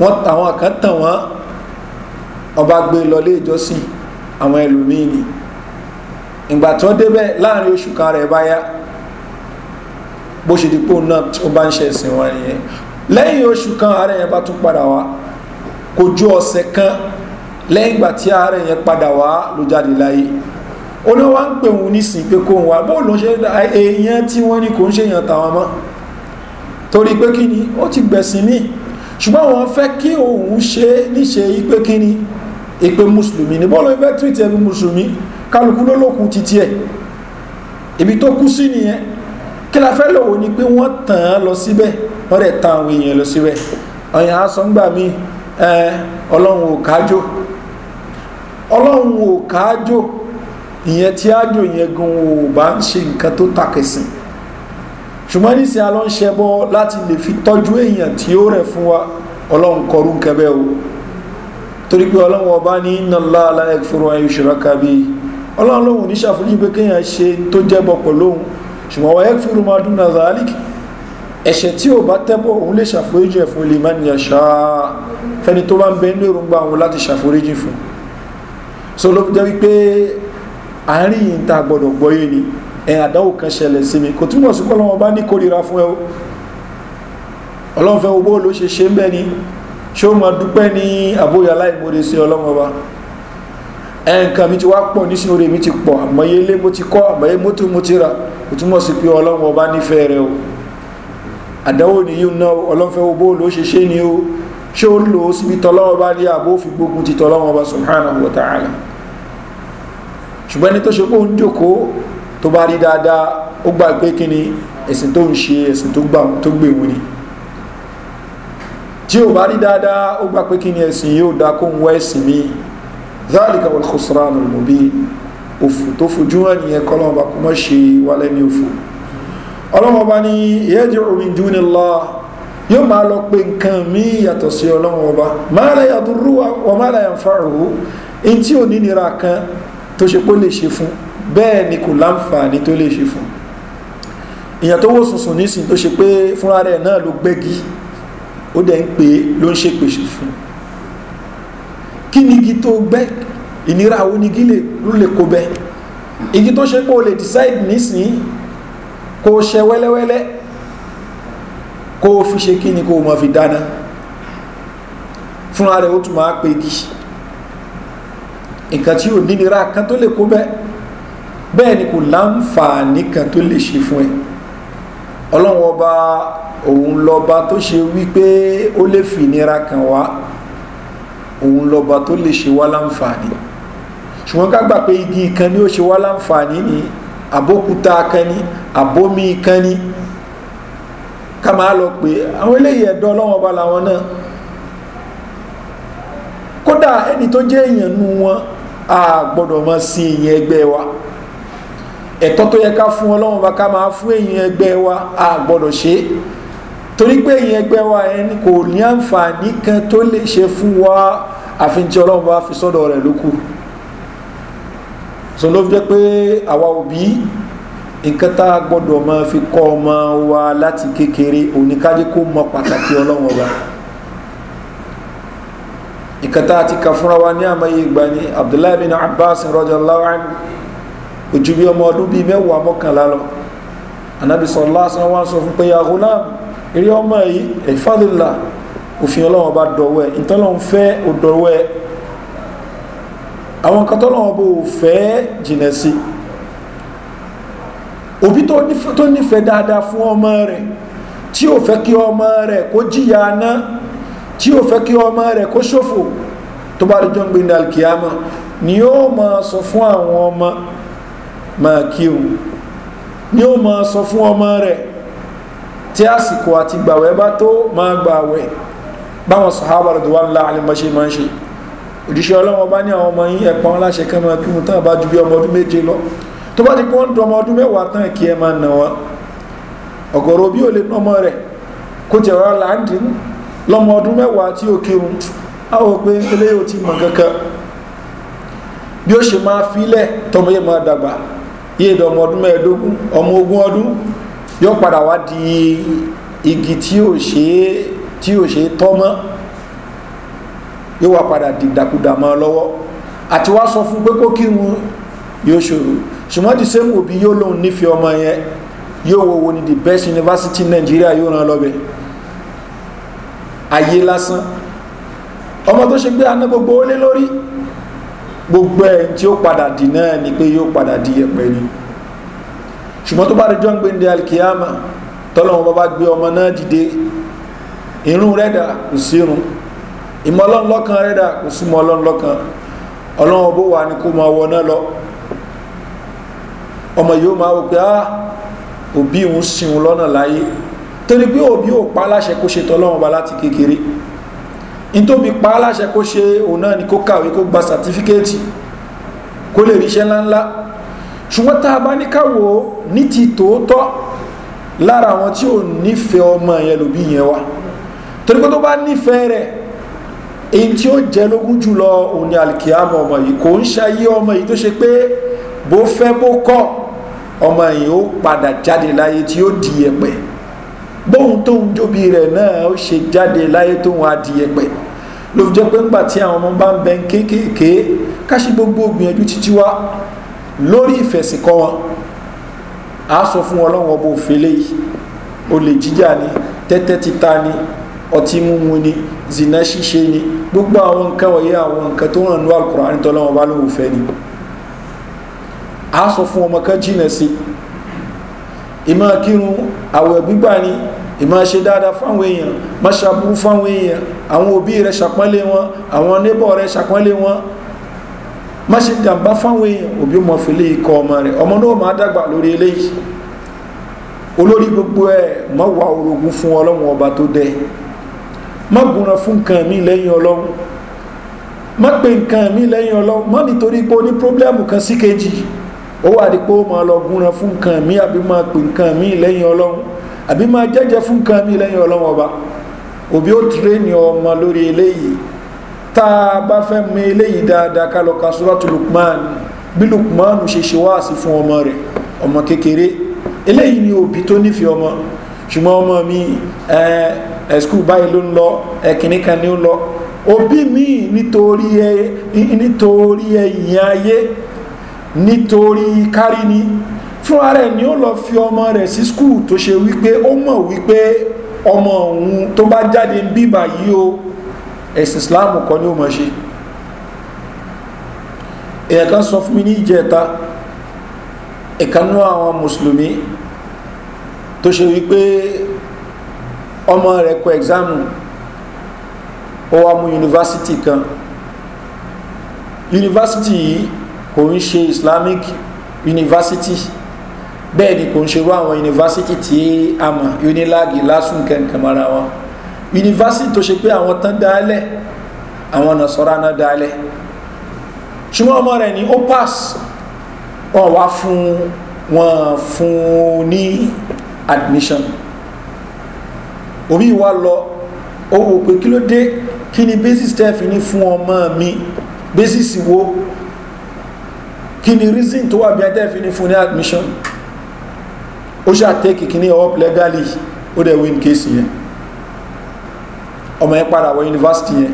wọ́n àwọn kan wọ́n ọba gbé lọ lé ìjọsìn àwọn ẹlòmíì ni ìgbà tó débẹ̀ láàrin oṣù kan rẹ̀ baya. bó ṣe di pé òun náà ó bá ń ṣe ẹ̀sìn wọn nìyẹn lẹ́yìn oṣù kan ààrẹ yẹn bá tún padà wá kò ju ọ̀sẹ̀ kan lẹ́yìn ìgbà tí ààrẹ yẹn padà wá ló jáde láyé ó ní wọ́n ń pè òun nísìnyí pé kó wà bó ló ṣe èèyàn tí wọ́n ní kò ń ṣèyàn tàwọn mọ́ torí pé kí ni ó ti gbẹ̀sìn míì ṣùgbọ́n wọn fẹ́ kí òun ṣe níṣe ipe kíni ipe mùsùlùmí ní bọ́ọ̀lù ìfẹ́ tìrìtì ẹbí mùsùlùmí kálukú lólókun títí ẹ̀ ibi tó kú sí nìyẹn kí la fẹ́ lọ́wọ́ ni pé wọ́n tàn án lọ síbẹ̀ wọ́n dẹ̀ tàn àwọn èèyàn lọ síbẹ̀ ọ̀yàn á sọ ń gbà mí ọlọ́run ò kájò ọlọ́run ò kájò ìyẹn tí ájò yẹn gan ò bá ń ṣe nǹkan tó takẹ̀sìn ṣùgbọ́n nísìnyí alọ́ ń ṣẹbọ láti lè fi tọ́jú èèyàn tí ó rẹ̀ fún wa ọlọ́run kọrú nkẹ́bẹ́ o torí pé ọlọ́run ọba ní nàlá aláyẹ̀ fúnra ẹ̀yọ́ ọlọ́run lòun ní ṣàfihàn pé kéèyàn ṣe tó jẹ́bọ pẹ̀lú òun ṣùgbọ́n wáyé fúru máa dún náà zaalik ẹ̀ṣẹ̀ tí ò bá tẹ́bọ̀ òun lè ṣàforíjì ẹ̀ fún ilé-ìmọ̀ ni àṣà fẹ́ni tó bá ń bẹ ní èròǹgbà òun láti ṣàforíjì fún so ló jẹ́ wípé àárín yìí ń ta gbọ́dọ̀ gbọ́yé ni ẹ̀ àdáwò kan ṣẹlẹ̀ sí mi kò túmọ̀ sí pọ́lọ́wọ́n bá ní kórira fún ẹ ọlọ́run fẹ́ owó ló ṣe ṣe ń bẹ́ ni ṣé ó máa dúpẹ́ ní àbóyá láìmọ̀ọ́dẹ sí ọlọ́run ọba ẹnkan mi ti wá pọ̀ nísìnyí orí mi ti pọ̀ àmọ́yé ilé mo ti kọ́ àmọ́yé mọ́tò mo ti ra kò túmọ̀ sí pé ọlọ́run ọba nífẹ̀ẹ́ rẹ o àdánwò nìyí ń ná ọlọ́fẹ́ owó ló ṣe ṣe ni o ṣé ó lò ó síbi tọ́lọ́wọ́ bá ní àbó òfin gbógun ti tọ́lọ́wọ́ bá subhanahu wa ta'ala ṣùgbọ́n ẹni tó ṣe pé ó ń jókòó tó bá rí dáadáa ó gbà pé kí ni ẹ̀sìn tó ń ṣe ẹ̀sìn tó gbé wọn ni tí ò bá rí dáadáa ó gbà pé kí ni ẹ̀sìn yóò dá kó wá ẹ̀sìn míì ذلك والخسران khusran al mubin òfò tó fojú hàn nìyẹn kọ́lọ́wọ́n bá kó mọ́ ṣe wà lẹ́ni òfò ọlọ́wọ́n bá ní yẹ́dìrò min dunillah yóò máa lọ pé nǹkan míì yàtọ̀ sí ọlọ́wọ́n ọba ma la yadurru wa ma la yanfa'uhu in tí ò ní nira kan tó ṣe pé lè ṣe fún bẹ́ẹ̀ ni kò láǹfààní tó lè ṣe fún èèyàn tó wò sùnsùn nísìn tó ṣe pé fúnra rẹ̀ náà ló gbẹ́gi ó dẹ̀ ń pè ló ń ṣèpèsè fún kí ni tó gbẹ́ ìnira onígi ló lè kó bẹ́ igi tó ṣe pé o lè decide kó o ṣe wẹ́lẹ́wẹ́lẹ́ kó o fi ṣe kí ni kó mọ̀ fi dáná fúnra rẹ̀ ó tún máa pe igi nǹkan tí ò nínira kan tó lè kó bẹ́ bẹ́ẹ̀ ni kò láǹfààní kan tó lè ṣe fún ẹ ọlọ́run ọba òun lọ́ba tó ṣe wípé ó kan wá òun lọba tó lè ṣe wá láǹfààní ṣùgbọ́n ká gbà pé igi kan ní ó ṣe wá láǹfààní ni àbókúta kan ní àbómi kan ní ká máa lọ pé àwọn eléyìí ẹ̀dọ́ ọlọ́wọ́n ọba làwọn náà kódà ẹni tó jẹ́ èèyàn nu wọn a gbọ́dọ̀ mọ sí èèyàn ẹgbẹ́ wa ẹ̀tọ́ tó yẹ ká fún ọlọ́wọ́n ọba ká máa fún èèyàn ẹgbẹ́ wa a gbọ́dọ̀ ṣe é torí pé ìyẹn ẹgbẹ́ wa ẹni kò ní àǹfààní kan tó lè ṣe fún wa àfihàn tí ọlọ́run bá fi sọ́dọ̀ rẹ̀ lókù so ló fi jẹ́ pé àwa òbí nǹkan tá a gbọ́dọ̀ máa fi kọ́ ọmọ wa láti kékeré oníkájé kó mọ pàtàkì ọlọ́run ọba nǹkan tá a ti kà fúnra wa ní àmọ́ yìí gbani abdullahi bin abbas rọjò láwọn ojú bí ọmọ ọdún bíi mẹ́wàá mọ́kànlá lọ anabi sọ̀rọ̀ lásán wá sọ fún pé yahoo náà eré ọmọ yìí ìfàdìlà òfin ọlọ́wọ́n bá dọ̀wẹ́ ìtọ́lọ́wọ́n fẹ́ òdọ̀wẹ́ àwọn kan tọ́lọ́wọ́n bó fẹ́ jìnà sí òbí tó nífẹ̀ẹ́ dáadáa fún ọmọ rẹ̀ tí ò fẹ́ kí ọmọ rẹ̀ kó jìyà náà tí ò fẹ́ kí ọmọ rẹ̀ kó ṣòfò tó bá dọjọ́ gbé ní alkiyama ni yóò máa sọ fún àwọn ọmọ máa kírun ni yóò máa sọ fún ọmọ rẹ̀ tí àsìkò àti gbàwẹ́ bá tó máa gbàwẹ́ báwọn sọ̀hábà rẹ̀ wà ńlá àlèmọ́ṣe máa ń ṣe ọlọ́wọ́ bá ní àwọn ọmọ yín ẹ̀pọ̀ ńlá ṣe máa tán bá ju bí ọmọ ọdún méje lọ tó bá ti pọ́n dún ọmọ ọdún mẹ́wàá tán kí ẹ máa nà wọn ọ̀gọ̀rọ̀ bí ò lè ná ọmọ rẹ̀ kó rọra láǹdì ọdún mẹ́wàá tí ó kírun á wò pé eléyìí ò ti yóò padà wá di igi tí ò ṣe é tí ò ṣe é tọ́ mọ́ yóò wá padà di dàkudà mọ́ lọ́wọ́ àti wá sọ fún pé kó kírun yóò ṣòro ṣùgbọ́n ti sẹ́mu òbí yóò lóun nífẹ̀ẹ́ ọmọ yẹn yóò wo wo ni the best university nàìjíríà yóò ràn lọ́bẹ̀ ayé lásán ọmọ tó ṣe gbé aná gbogbo ó lé lórí gbogbo ẹ̀ tí ó padà dì náà ni pé yóò padà di yẹpẹ ni ṣùgbọ́n tó bá rí john gbéńdé alkiyama tọ́lọ́wọ́n bá bá gbé ọmọ náà dìde irun rẹ́dà kò sí irun ìmọ̀ ọlọ́run lọ́kan rẹ́dà kò sí mọ́ ọlọ́run lọ́kan ọlọ́run bó wà ní kó máa wọ náà lọ ọmọ yóò máa wò pé á ah, òbí òun sìn lọ́nà láyé torí pé òbí ò pa aláṣẹ kó ṣe tọ́lọ́run bá láti kékeré nítorí pa aláṣẹ kó ṣe òun náà ni kó kàwé kó gba sàtífíkẹ́ẹ̀tì kó lè ríṣẹ́ ńláńlá ṣùgbọ́n tá a bá ní káwọ́ ní ti tòótọ́ lára àwọn tí ò nífẹ̀ẹ́ ọmọ yẹn lòbí yẹn wá torí pé tó bá nífẹ̀ẹ́ rẹ̀ èyí tí ó jẹ lógún jùlọ òun ni alikiyama ọmọ yìí kò ń ṣayé ọmọ yìí tó ṣe pé bó fẹ́ bó kọ́ ọmọ yìí ó padà jáde láyé tí ó di ẹ̀pẹ̀ bóun tó ń jóbi rẹ̀ náà ó ṣe jáde láyé tó ń adi ẹ̀pẹ̀ ló fi jẹ́ pé ńgbà tí àwọn ọmọ bá ń bẹ kéékèèké káṣí gbogbo gbìyànjú títí wá lórí ìfẹ̀sìnkọ́ wọn a sọ fún ọlọ́wọ́n bó fele yìí olè jíjà ni tẹ́tẹ́ títa ni ọtí mímu ni zina ṣíṣe ni gbogbo àwọn nǹkan wọ̀nyí àwọn nǹkan tó ràn ní alukura ní tọ́lọ́wọ́n bá lóun fẹ́ ni a sọ fún ọmọ kan jìnà sí ìmọ̀ kírun àwẹ̀ gbígbà ni ìmọ̀ ṣe dáadáa fáwọn èèyàn má ṣàbúrú fáwọn èèyàn àwọn òbí rẹ̀ ṣàpọ́nlé wọn àwọn nébọ̀ rẹ̀ ṣàpọ́nlé wọn má ṣe jàǹbá fáwọn èèyàn òbí mọ̀ fi lè kọ ọmọ rẹ̀ ọmọ náà máa dàgbà lórí eléyìí olórí gbogbo ẹ̀ má wà orogún fún ọlọ́run ọba tó dẹ má gúnra fún mi lẹ́yìn ọlọ́run má pe nǹkan mi lẹ́yìn ọlọ́run má nítorí pé ní pírọ́blẹ́mù kan sí kejì ó wà ní lọ fún mi àbí máa pe nǹkan mi lẹ́yìn ọlọ́run àbí máa jẹ́jẹ́ fún nǹkan mi lẹ́yìn ọlọ́run ọba òbí ó ní ọmọ tá a bá fẹ́ mọ eléyìí dáadáa ká lọ ka suratu lukman bí lukman ṣe ṣe wá sí fún ọmọ rẹ̀ ọmọ kékeré eléyìí ni òbí tó nífẹ̀ẹ́ ọmọ ṣùgbọ́n ọmọ mi ẹ ẹ skul báyìí ló ń lọ ẹ kìnní kan ní ń lọ òbí mi nítorí ẹ nítorí ẹ ìyẹn ayé nítorí kárí ni fún ara ẹ ni ó lọ fi ọmọ rẹ sí skul tó ṣe wípé ó mọ̀ wípé ọmọ òun tó bá jáde bíbà yìí o ẹ̀sìn islam kọ́ ni ó mọ̀ ṣe èèyàn kan sọ fún mi ní ìjẹta ìkanú àwọn mùsùlùmí tó ṣe wípé ọmọ rẹ̀ kọ ẹ̀gzámù ó wá mú yunifásitì kan yunifásitì yìí kò ń ṣe islamic yunifásitì bẹ́ẹ̀ ni kò ń ṣerú àwọn yunifásitì tí a mọ̀ unilag lásùn mara wọn yunifásitì tó ṣe pé àwọn tán dálẹ̀ àwọn ọ̀nà sọ́ra náà dálẹ̀ ṣùgbọ́n ọmọ rẹ̀ ní opas wọn wá fún wọn fún ní admission omi wa lọ ó wò pé kí ló dé kí ni basis tẹ́ fi ní fún ọmọ mi basis wo kí ni reason tó wà bí ẹtẹ́ ní fún ní admission ó ṣàtẹ́kì kí ní ọwọ́ plegally ó dẹ̀ win case yẹn. Yeah ọmọ yẹn padà wọ yunifásitì yẹn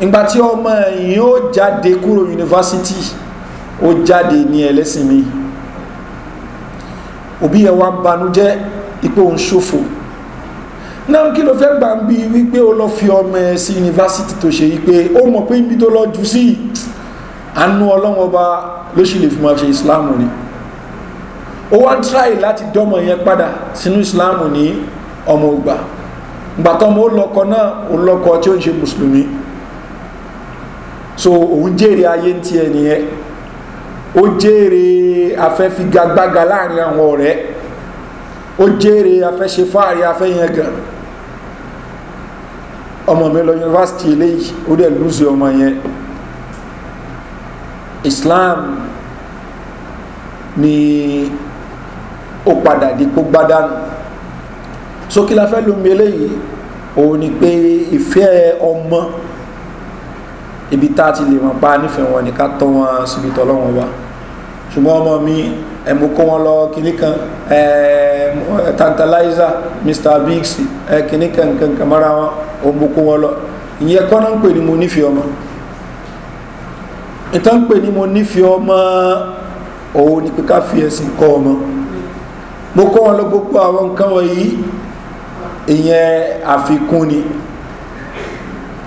ìgbà tí ọmọ yẹn ó jáde kúrò yunifásitì ó jáde ní ẹlẹ́sìn mi òbí yẹn wá banújẹ́ ipò ń ṣòfò náà kí ló fẹ́ gbà ń bí wípé ó lọ fi ọmọ ẹ sí yunifásitì tó ṣe wípé ó mọ̀ pé ibi tó lọ jù sí àánú ọlọ́wọ́n ọba ló sì lè fi máa ṣe ìsìláàmù ni ó wá ń tíráì láti dọ́mọ yẹn padà sínú ìsìláàmù ní ọmọ ògbà gbàtọ́ mo lọ́kọ náà òun lọ́kọ tí ó ń ṣe mùsùlùmí so òun jèrè ayé ń tiẹ̀ nìyẹn ó jèrè afẹ́figagbága láàrin àwọn ọ̀rẹ́ ó jèrè afẹ́ṣe fáàrí afẹ́yẹn gan ọmọ mi lọ yunifásitì eléyìí ó dẹ̀ lùzì ọmọ yẹn islam ni ó padà dípò gbádànù sókè la fẹ́ lómi eléyìí òun ni pé ìfẹ́ ọmọ ibi tá a ti lè mọ̀ pa nífẹ̀ẹ́ wọn ni ká tọ́ wọn síbi tọ́lọ́ wọn wá ṣùgbọ́n ọmọ mi ẹ̀mú kó wọn lọ kìnní kan tantalizer mr biggs kìnní kan nǹkan kan mọ́ra wọn òun kó wọn lọ ìyẹn kọ́ náà ń pè ní mo nífẹ̀ẹ́ ọmọ ìtàn ń pè ní mo nífẹ̀ẹ́ ọmọ òun ni pé ká fi ẹ̀sìn kọ́ ọmọ mo kọ́ wọn lọ gbogbo àwọn nǹkan wọ̀nyí ìyẹn àfikún ni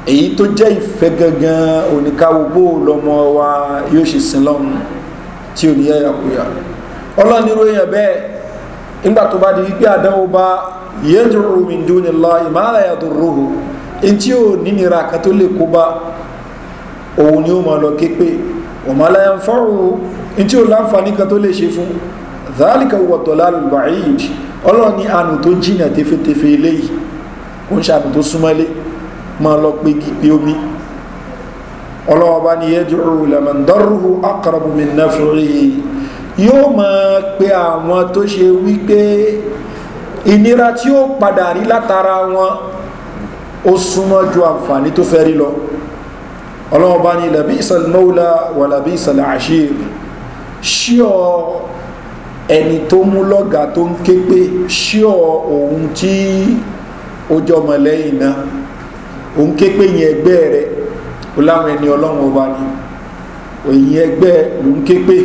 èyí tó jẹ́ ìfẹ́ gangan oníkàwọ́gbó lọ́mọ wa yóò ṣe sin lọ́mù tí ò ní yẹ́yàkúyà ọlọ́nirú èèyàn bẹ́ẹ̀ nígbà tó bá di wípé àdánwò bá yẹ́dùrú mi dúni lọ ìmáàlá yàtọ̀ róhù in tí ò nínira kan tó lè kó bá òun ni ó mọ̀ lọ képe ọ̀mọ̀lá yẹn fọ́rùn in tí ò láǹfààní kan tó lè ṣe fún un dhalika huwa dalalul ba'id ọlọ́run ní àánú tó jìnà tefetefe eléyìí ó ń ṣàánú tó súnmọ́lé máa lọ pé pé omi ọlọ́wọ́ bá ní yẹ́jú lẹ́mọ̀ndọ́rùhù akọ̀rọ̀bù mi náà fúnrí yóò máa pe àwọn tó ṣe wípé ìnira tí ó padà rí látara wọn ó súnmọ́ ju àǹfààní tó fẹ́ rí lọ ọlọ́wọ́ bá ní lẹ́bí ìsàlmọ́wùlá wà lẹ́bí ìsàlẹ̀ àṣírí ṣíọ́ ẹni tó mú lọ́gà tó ń ké pé ṣíọ̀ òun tí ó jọmọ lẹ́yìn náà òun ké pé yẹn ẹgbẹ́ rẹ̀ ó láwọn ẹni ọlọ́run ọba ni òyìn ẹgbẹ́ ló ń ké pé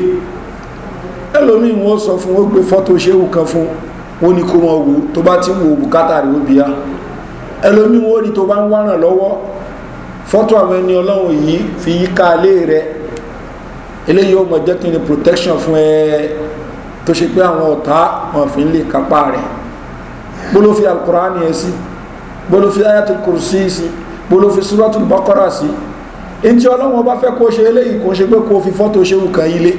ẹlòmíín wọ́n sọ fún ó gbé fọ́tò ṣéwù kan fún ó ní kó wọn wò tó bá ti ń bùkátà rẹ̀ òbí ya ẹlòmíín wọ́n ní tó bá ń wárán lọ́wọ́ fọ́tò àwọn ẹni ọlọ́run yìí fi yíká alé rẹ̀ eléyìí ó mọ̀ jẹ́ kí ni protection fún ẹ tó ṣe pé àwọn ọ̀tá wọn fi ń lè kápá rẹ̀ bóló fi alukur'ani yẹn sí bóló fi ayatul kursi sí bóló fi suratul bakara sí ntí ọlọ́run ọba fẹ́ kó ṣe eléyìí kò ṣe pé kó fi fọ́tò ṣéwù kan yí lé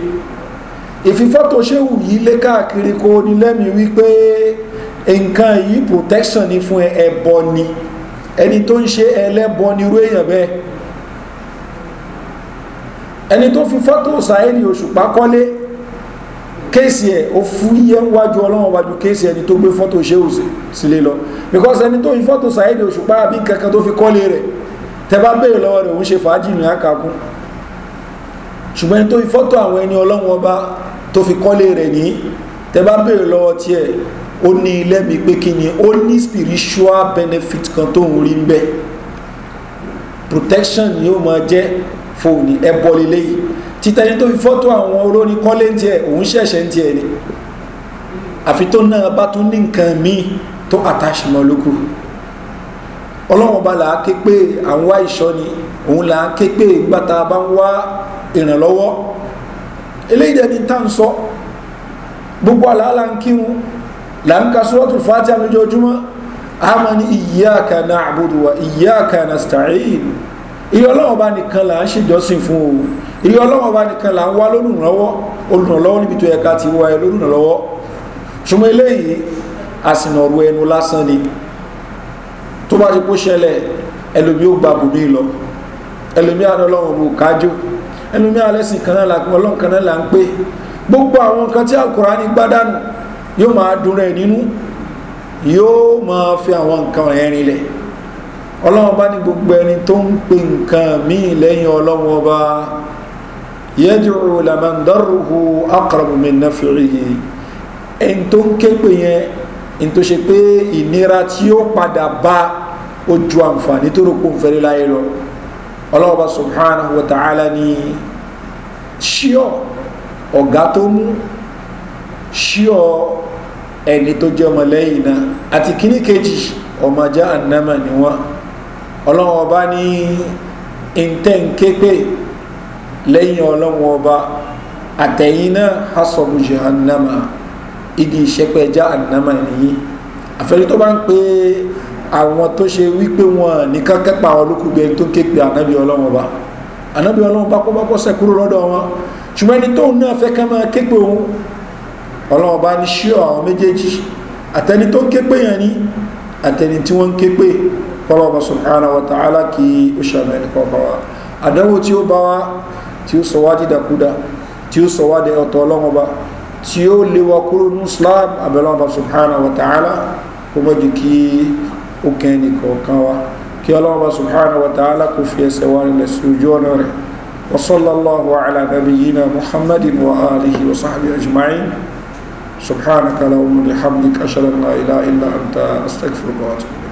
ìfifọ́tò ṣéwù yí lé káàkiri kó ní lẹ́mìí wípé nǹkan yìí protection ni fún ẹbọ ni ẹni tó ń ṣe ẹlẹ́bọ ni irú èèyàn bẹ́ẹ̀ ẹni tó fi fọ́tò sáyé ni òṣùpá kọ́lé kéèsì ẹ̀ ó fúyẹ́ wájú ọlọ́wọ́n wájú kéèsì ẹni tó gbé fọ́tò ṣéhù sílé lọ because ẹni tó yí fọ́tò sàáyédè òṣùpá àbí kankan tó fi kọ́lé rẹ̀ tẹ́bá bèèrè lọ́wọ́ rẹ̀ òun ṣe fàájì ní àkàkún ṣùgbọ́n ẹni tó yí fọ́tò àwọn ẹni ọlọ́wọ́n ọba tó fi kọ́lé rẹ̀ ní tẹ́bá bèèrè lọ́wọ́ tiẹ̀ ó ní lẹ́mi pé kí ni ó ní spiritual benefit kan tó ń rí ń protection ni ó máa jẹ́ fóònù ẹbọ lélẹ́yìí títẹni tó fi fọ́tò àwọn olórin kọ́lé ń tiẹ̀ òun ṣẹ̀ṣẹ̀ ń tiẹ̀ ni àfi tó náà bá tún ní nǹkan míì tó àtàṣìmọ̀ lókù ọlọ́wọ́n bá là á ké pé à ń wá ìṣọ́ ni òun là á ké pé gbàtà bá ń wá ìrànlọ́wọ́ eléyìí dẹni tá ń sọ gbogbo àlàálà ń kírun là ń ka sọ́ọ̀tù fàájì àmójoojúmọ́ àmọ́ ní ìyáàkà náà àbúrò wa ìyáàkà náà bá nìkan là ṣèjọ́sìn fún òun ìrí ọlọ́wọ́ bá nìkan là ń wá lólùrànlọ́wọ́ olùrànlọ́wọ́ níbi tó yẹ ká ti wá ẹ lólùrànlọ́wọ́ ṣùgbọ́n eléyìí àsìnàrú ẹnu lásán ni tó bá ti kó ṣẹlẹ̀ ẹlòmí ó gba bùnú ìlọ ẹlòmí àdọ́lọ́wọ́ bù kájú ẹlòmí alẹ́sìn kan náà làkùn ọlọ́run kan náà là ń pé gbogbo àwọn nǹkan tí àkùrá ní gbádànù yóò máa dùn rẹ̀ nínú yóò máa fi àwọn nǹkan ẹ̀rin lẹ̀ ọlọ́run bá ní gbogbo ẹni tó ń pe nǹkan míì lẹ́yìn ọlọ́run ọba yẹ́dùrú lamandọ́rùhù akọ̀rọ̀mù mi náà fi rí yìí ẹni tó ń ké pé yẹn ẹni tó ṣe pé ìnira tí ó padà bá ojú àǹfààní tó rògbò ń fẹ́rẹ́ láyé lọ ọlọ́ọ̀bá subhanahu wa ta'ala ni ṣíọ̀ ọ̀gá tó mú ṣíọ̀ ẹni tó jẹ́ ọmọlẹ́yìn náà àti kíní kejì ọmọjá ànámà ni wọ́n ọlọ́ọ̀bá ní ìntẹ́ǹkẹ́pẹ́ lẹ́yìn ọlọ́wọ́n ọba àtẹ̀yìn náà hasọ̀bù jahannama igi ìṣẹ́pẹ́ jahannama nìyí àfẹ́rí tó bá ń pe àwọn tó ṣe wípé wọn nìkan kẹ́pà àwọn olókùgbẹ́ tó ké pe ànábì ọlọ́wọ́n ọba ànábì ọlọ́wọ́n ọba kó bá bọ́sẹ̀ kúrò lọ́dọ̀ wọn ṣùgbọ́n ẹni tóun náà fẹ́ ká máa ké pe òun ọlọ́wọ́n ọba ní ṣíọ àwọn méjèèjì àtẹni tó ń ké pé yẹn ni àtẹni tí wọ́n ń ké pé kọ́lọ́ ọba sùn tí ó sọ wá dídàkudà tí ó sọ wá di ọ̀tọ̀ ọlọ́run ọba tí ó lé wa kúrò ní islam abẹ́lọ́run ọba subhanahu wa ta'ala kó mọ́jú kí ó kẹ́yìn nìkọ̀ọ̀kan wa kí ọlọ́run subhanahu wa ta'ala kó fi ẹsẹ̀ wa rẹ̀ sí ojú ọ̀nà rẹ̀ وصلى الله على نبينا محمد وآله وصحبه أجمعين سبحانك اللهم بحمدك أشهد أن لا إله إلا أنت أستغفرك وأتوب